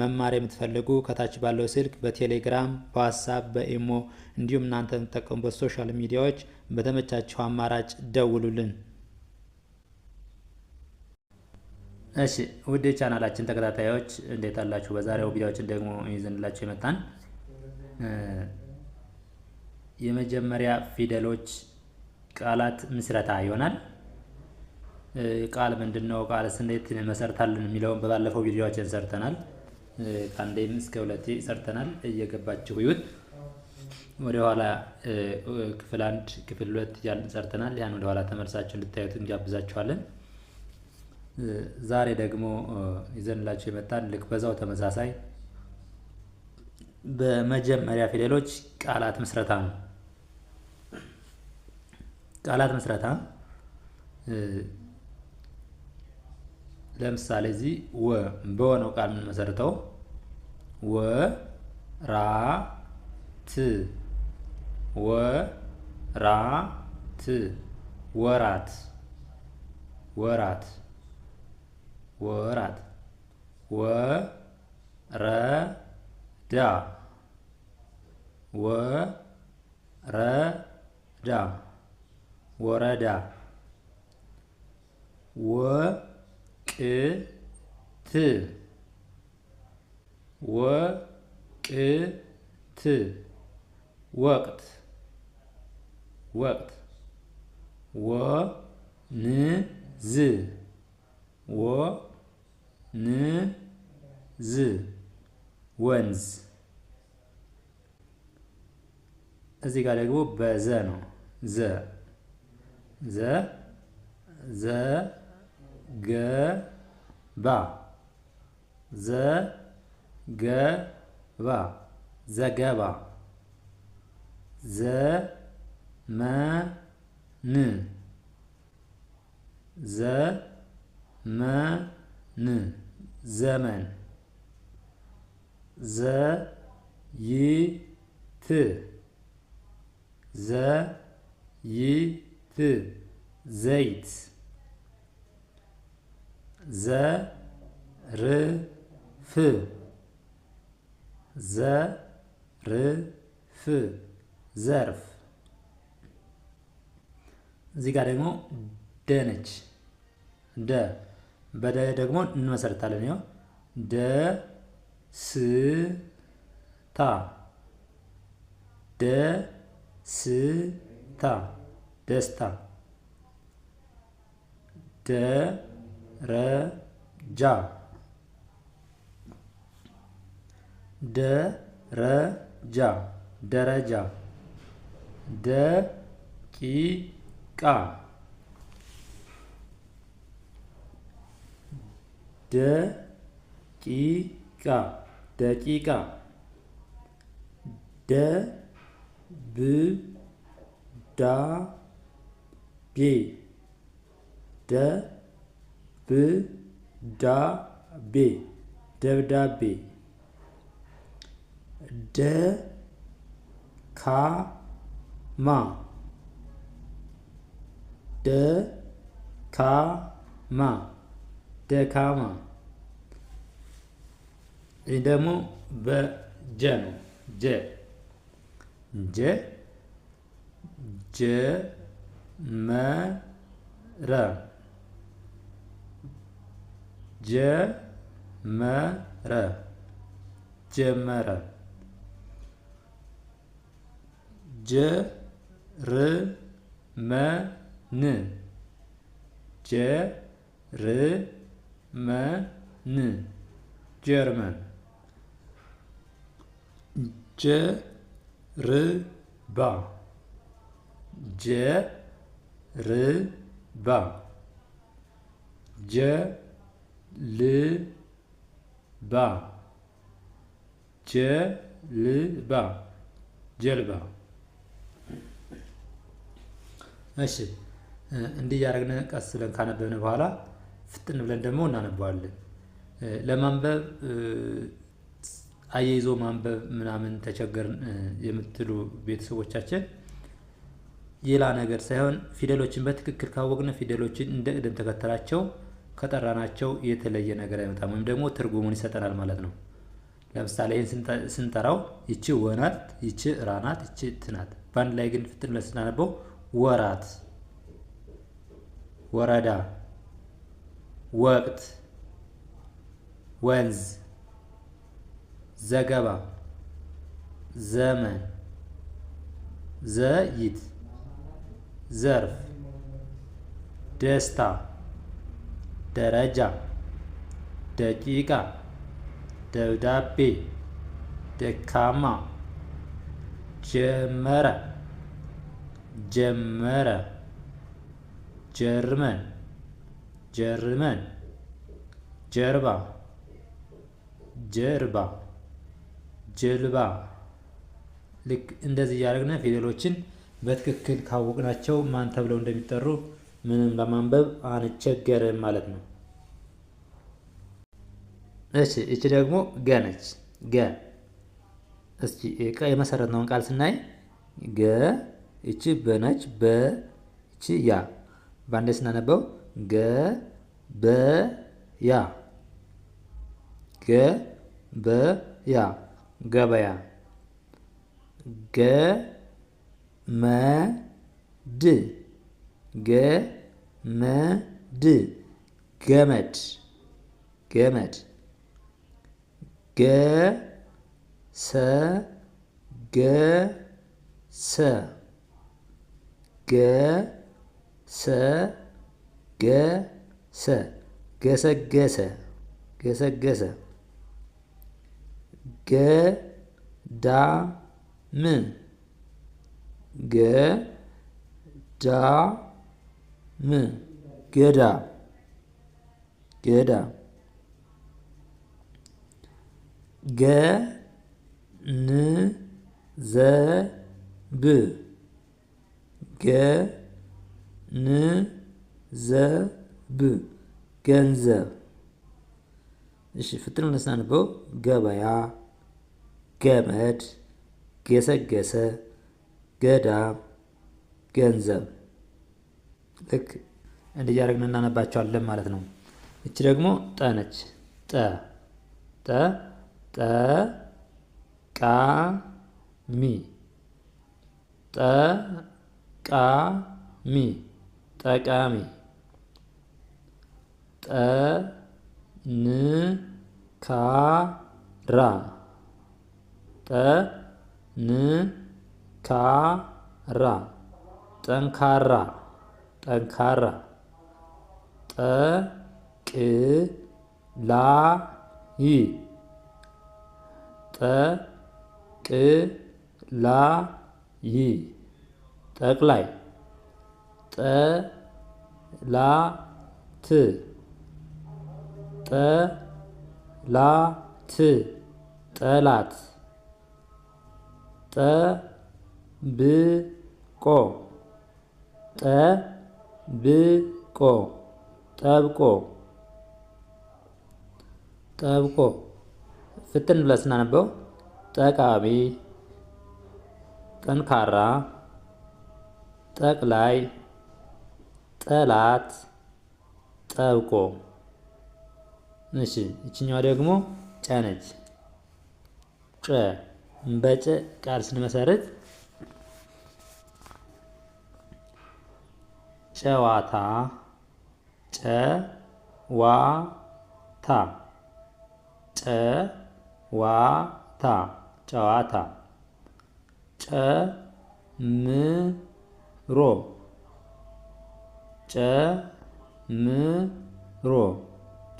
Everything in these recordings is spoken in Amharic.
መማር የምትፈልጉ ከታች ባለው ስልክ በቴሌግራም በዋትሳፕ በኢሞ እንዲሁም እናንተ የምትጠቀሙበት ሶሻል ሚዲያዎች በተመቻቸው አማራጭ ደውሉልን። እሺ ውድ ቻናላችን ተከታታዮች እንዴት አላችሁ? በዛሬው ቪዲዮችን ደግሞ ይዘንላችሁ የመጣን የመጀመሪያ ፊደሎች ቃላት ምስረታ ይሆናል። ቃል ምንድን ነው? ቃልስ እንዴት መሰርታልን የሚለውን በባለፈው ቪዲዮችን ሰርተናል። ከአንዴም እስከ ሁለቴ ሰርተናል። እየገባችሁ ይሁት ወደ ኋላ ክፍል አንድ ክፍል ሁለት እያልን ሰርተናል። ያን ወደ ኋላ ተመልሳችሁ እንድታዩት እንጋብዛችኋለን። ዛሬ ደግሞ ይዘንላችሁ የመጣን ልክ በዛው ተመሳሳይ በመጀመሪያ ፊደሎች ቃላት ምስረታ ነው። ቃላት ምስረታ ለምሳሌ እዚህ ወ በሆነው ቃል የምንመሰርተው ወ ራ ት ወ ራ ት ወራት ወራት ወራት ወ ረ ዳ ወ ረ ዳ ወረዳ ወ ወቅት ወቅት ወቅት ወቅት ወንዝ ወንዝ ወንዝ እዚህ ጋር ደግሞ በዘ ነው ዘ ዘ ዘ ገባ ዘገባ ዘገባ ዘመን ዘመን ዘመን ዘይት ዘይት ዘይት ዘርፍ ዘርፍ ዘርፍ። እዚህ ጋር ደግሞ ደ ነች። ደ በደ ደግሞ እንመሰርታለን። ያው ደስታ ደስታ ደስታ ደ ደረጃ ደረጃ ደረጃ ደቂቃ ደቂቃ ደቂቃ ደብዳቤ ደ ብዳቤ ደብዳቤ ደካማ ደካማ ደካማ ይህ ደግሞ በጀ ነው። ጀ ጀ ጀመረ Cemere Cemere Cermen Cermen Cermen Cerba Cerba Cerba ልባ ጀልባ ጀልባ። እሺ እንዲህ እያደረግን ቀስ ብለን ካነበብን በኋላ ፍጥን ብለን ደግሞ እናነበዋለን። ለማንበብ አየይዞ ማንበብ ምናምን ተቸገርን የምትሉ ቤተሰቦቻችን ሌላ ነገር ሳይሆን ፊደሎችን በትክክል ካወቅን ፊደሎችን እንደ ቅደም ተከተላቸው ከጠራናቸው የተለየ ነገር አይመጣም፣ ወይም ደግሞ ትርጉሙን ይሰጠናል ማለት ነው። ለምሳሌ ይህን ስንጠራው ይቺ ወናት፣ ይቺ ራናት፣ ይቺ ትናት። በአንድ ላይ ግን ፍትን ብለን ስናነበው ወራት፣ ወረዳ፣ ወቅት፣ ወንዝ፣ ዘገባ፣ ዘመን፣ ዘይት፣ ዘርፍ፣ ደስታ ደረጃ፣ ደቂቃ፣ ደብዳቤ፣ ደካማ፣ ጀመረ፣ ጀመረ፣ ጀርመን፣ ጀርመን፣ ጀርባ፣ ጀርባ፣ ጀልባ። ልክ እንደዚህ እያደረግን ፊደሎችን በትክክል ካወቅናቸው ማን ተብለው እንደሚጠሩ ምንም ለማንበብ አንቸገርም ማለት ነው። እሺ እቺ ደግሞ ገ ነች። ገ እስኪ የመሰረትነውን ቃል ስናይ ገ እቺ በነች በቺ ያ በአንዴ ስናነበው ገ ያ ገ ያ ገበያ ገመድ ገ መድ ገመድ ገመድ ገሰ ገሰ ገሰ ሰ ገሰገሰ ገሰገሰ ገዳም ገዳም ም ገዳ ገዳ ገ ን ዘ ብ ገ ን ዘ ብ ገንዘብ። እሺ ፍትል ነሳንበው ገበያ፣ ገመድ፣ ገሰገሰ፣ ገዳ ገንዘብ ልክ እንዲያደርግን እናነባቸዋለን ማለት ነው። እቺ ደግሞ ጠ ነች። ጠ ጠ ጠ ቃ ሚ ጠ ቃ ሚ ጠቃሚ ጠ ን ካ ራ ጠ ን ካ ራ ጠንካራ ጠንካራ ጠቅላይ ጠቅላይ ጠቅላይ ጠላት ጠላት ጠላት ጠብቆ ጠ ብቆ ጠብቆ ጠብቆ ፍትን ብለን ስናነበው ጠቃሚ፣ ጠንካራ፣ ጠቅላይ፣ ጠላት፣ ጠብቆ። እሺ ይችኛዋ ደግሞ ጨነች። ጨ በጨ ቃል ስንመሰረት ጨዋታ ጨዋታ ጨ ጨዋታ ጨዋታ ጨምሮ ጨምሮ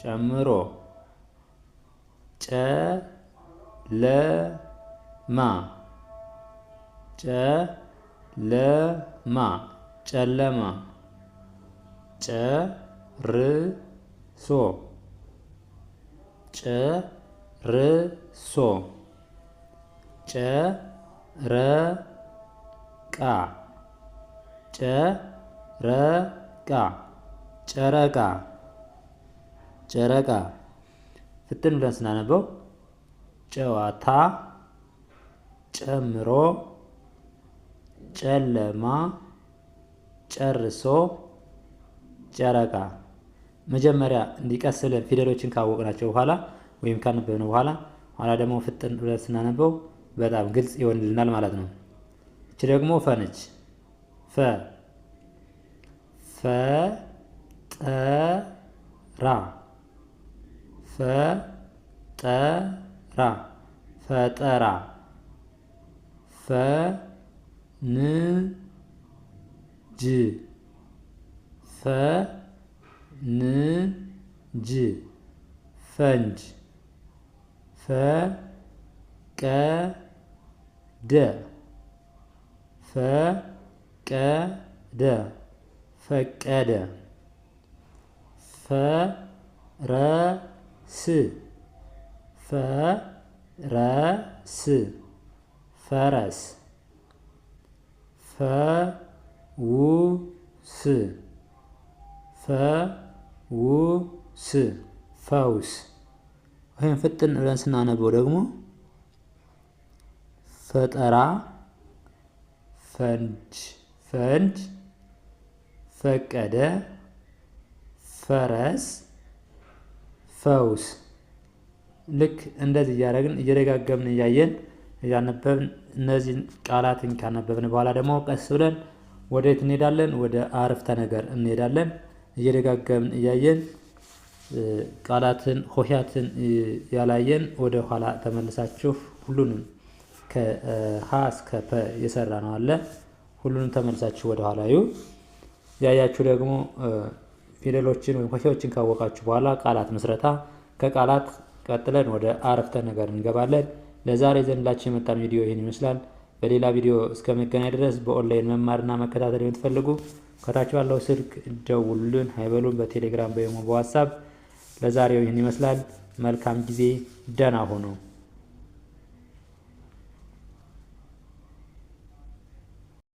ጨምሮ ጨለማ ጨለማ ጨለማ ጨርሶ ጨርሶ ጨረቃ ጨረቃ ጨረቃ ጨረቃ ፍትን ብለን ስናነበው ጨዋታ ጨምሮ ጨለማ ጨርሶ ጨረቃ መጀመሪያ እንዲቀስል ፊደሎችን ካወቅናቸው በኋላ ወይም ካነበብነው በኋላ ኋላ ደግሞ ፍጥን ብለን ስናነበው በጣም ግልጽ ይሆንልናል ማለት ነው። እች ደግሞ ፈነች ፈ ፈጠራ ፈጠራ ፈጠራ ፈንጅ ፈንጅ ፈንጅ ፈቀደ ፈቀደ ፈቀደ ፈረስ ፈረስ ፈረስ ፈውስ ፈውስ ፈውስ። ወይም ፍጥን ብለን ስናነበው ደግሞ ፈጠራ፣ ፈንድ ፈንድ፣ ፈቀደ፣ ፈረስ፣ ፈውስ። ልክ እንደዚህ እያደረግን እየደጋገምን እያየን እያነበብን እነዚህን ቃላትን ካነበብን በኋላ ደግሞ ቀስ ብለን ወደየት እንሄዳለን? ወደ አረፍተ ነገር እንሄዳለን። እየደጋገምን እያየን ቃላትን ሆሄያትን ያላየን ወደ ኋላ ተመልሳችሁ ሁሉንም ከሀ እስከ ፐ የሰራ ነው አለ። ሁሉንም ተመልሳችሁ ወደ ኋላ ዩ ያያችሁ ደግሞ ፊደሎችን ወይም ሆሄዎችን ካወቃችሁ በኋላ ቃላት ምስረታ፣ ከቃላት ቀጥለን ወደ አረፍተ ነገር እንገባለን። ለዛሬ ዘንላችሁ የመጣን ቪዲዮ ይህን ይመስላል። በሌላ ቪዲዮ እስከ መገናኝ ድረስ በኦንላይን መማርና መከታተል የምትፈልጉ ከታች ባለው ስልክ ደውሉልን፣ አይበሉን። በቴሌግራም በኢሞ በዋትሳፕ ለዛሬው ይህን ይመስላል። መልካም ጊዜ፣ ደህና ሆነው